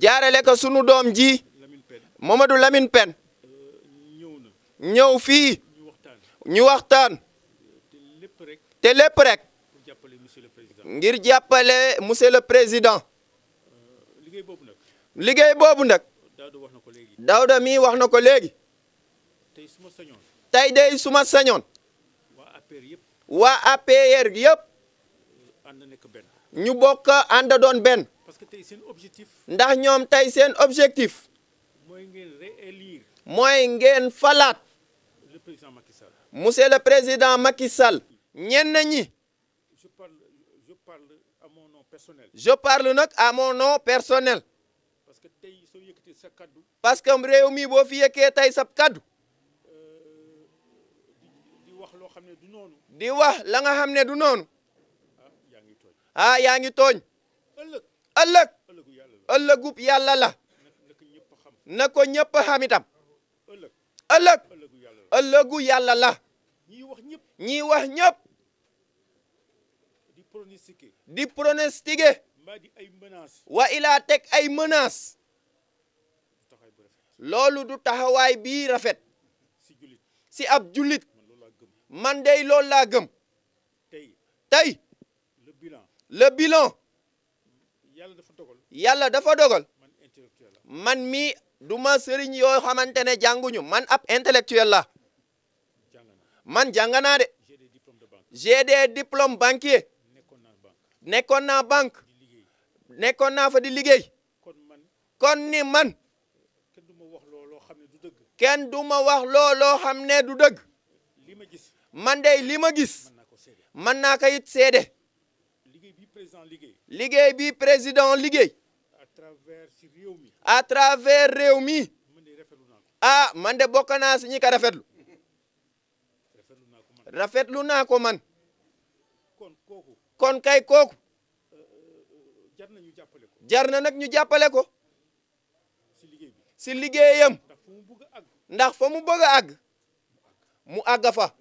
jaarale ko sunu doom ji Mamadou Lamine Pen ñëw fii ñu waxtaan te lépp rek ngir jàppale monsieur le président liggéey boobu nag Daouda mi wax na ko léegi tey day suma sañoon waa APR yëpp ñu bokk ànd doon benn. ndax ñoom tey seen objectif mooy ngeen réélire mooy ngeen falaat le président Macky Sall le président Macky Sall ñenn ñi je parle je parle à mon personnel nag à mon nom parce que tey soo sa kaddu parce que réew mi boo fi yekkee tey sab kaddu euh, di wax loo xam ne du noonu di la nga xam ne du noonu ah yaa ngi tooñ ah, ëllëg ëllëgub yàlla la na ko ñëpp xam itam ëllëg ëllëgu yàlla la ñiy wax ñëpp di pronostiquer wa ilaa teg ay menaces loolu du taxawaay bii rafet si ab jullit man dey loolu gëm tey le bilon yàlla dafa dogal man mi du ma sëriñ yoo xamante ne jànguñu man ab intellectuel la man jàng naa de j'ai des diplômes banquier nekkoon naa banque nekkoon naa fa di liggéey kon ni man kenn du ma wax loo xam ne du dëgg man de li ma gis mën naa ko it seede liggéey bi président liggéey à travers réew mi a ah, man de bokk naa si ñi ko rafetlu rafetlu naa ko man kon kay kooku euh, jar na nag ñu jàppale ko si liggéeyam ndax fa mu bëgg a àgg mu àgg fa.